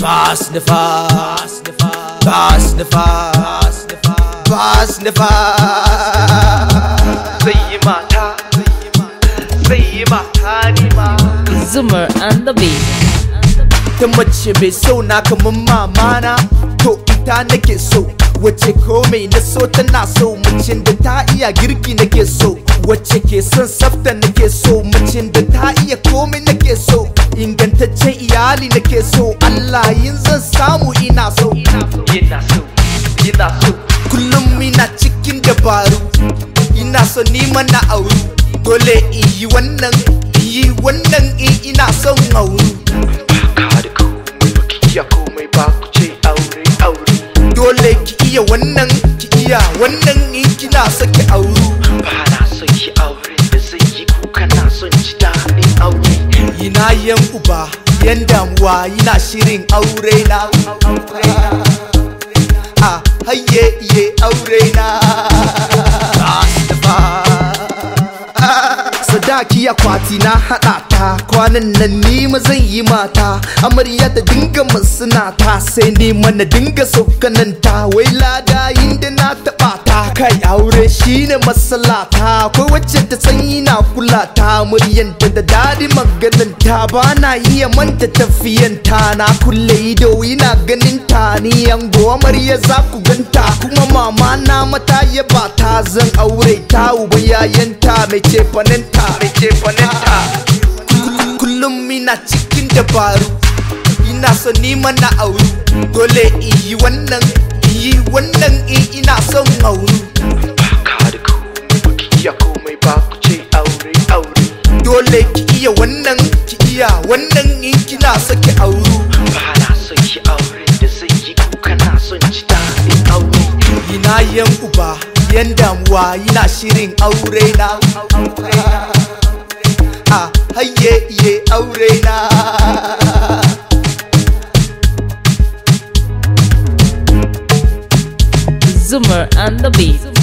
Pass the fast, pass the fast, pass the fast. Say say Zoomer and the beat. wata mace mai so na kamar mamana to ita nake so wace komai na so tana so mucin da ta iya girki nake so wace ke son tsafta nake so mucin da ta iya komai nake so ingantaccen iyali nake so Allah yin zan samu ina so kullum ina cikin dabaru ina so nima na auru dole iyi yi wannan yi wannan in eh ina son auru wannan ki iya wannan in kina saki auru ba na son ki aure da zai yi kuka na son ji daɗin aure ina yan uba yan damuwa ina shirin aure na a ah, hayye iye aure na ba kaki akwati na haɗa ta kwanan nan ni ma zan yi mata amarya ta dinga masana ta sai ni mana dinga saukanan ta wai lada inda na taɓa kai aure shine masalata akwai wacce ta sanyi na kula ta muryanta da dadi ta ba na iya manta tafiyanta na kulle ido ina ganin ta ni yan gomar ya za ku ganta kuma mama na mata ya ba ta zan aure ta uba yayanta mai faninta mai cefananta kullum ina cikin dabaru ina so ni mana aure dole iyi wannan yi wannan in eh, ina son auru dole ki iya wannan ki iya wannan in kina saki auru ba na saki aure da zai yi kuka na son ji daɗin aure ina yan uba yan damuwa ina shirin aure na a ah, hayye iye aure na Zoomer and the Beat.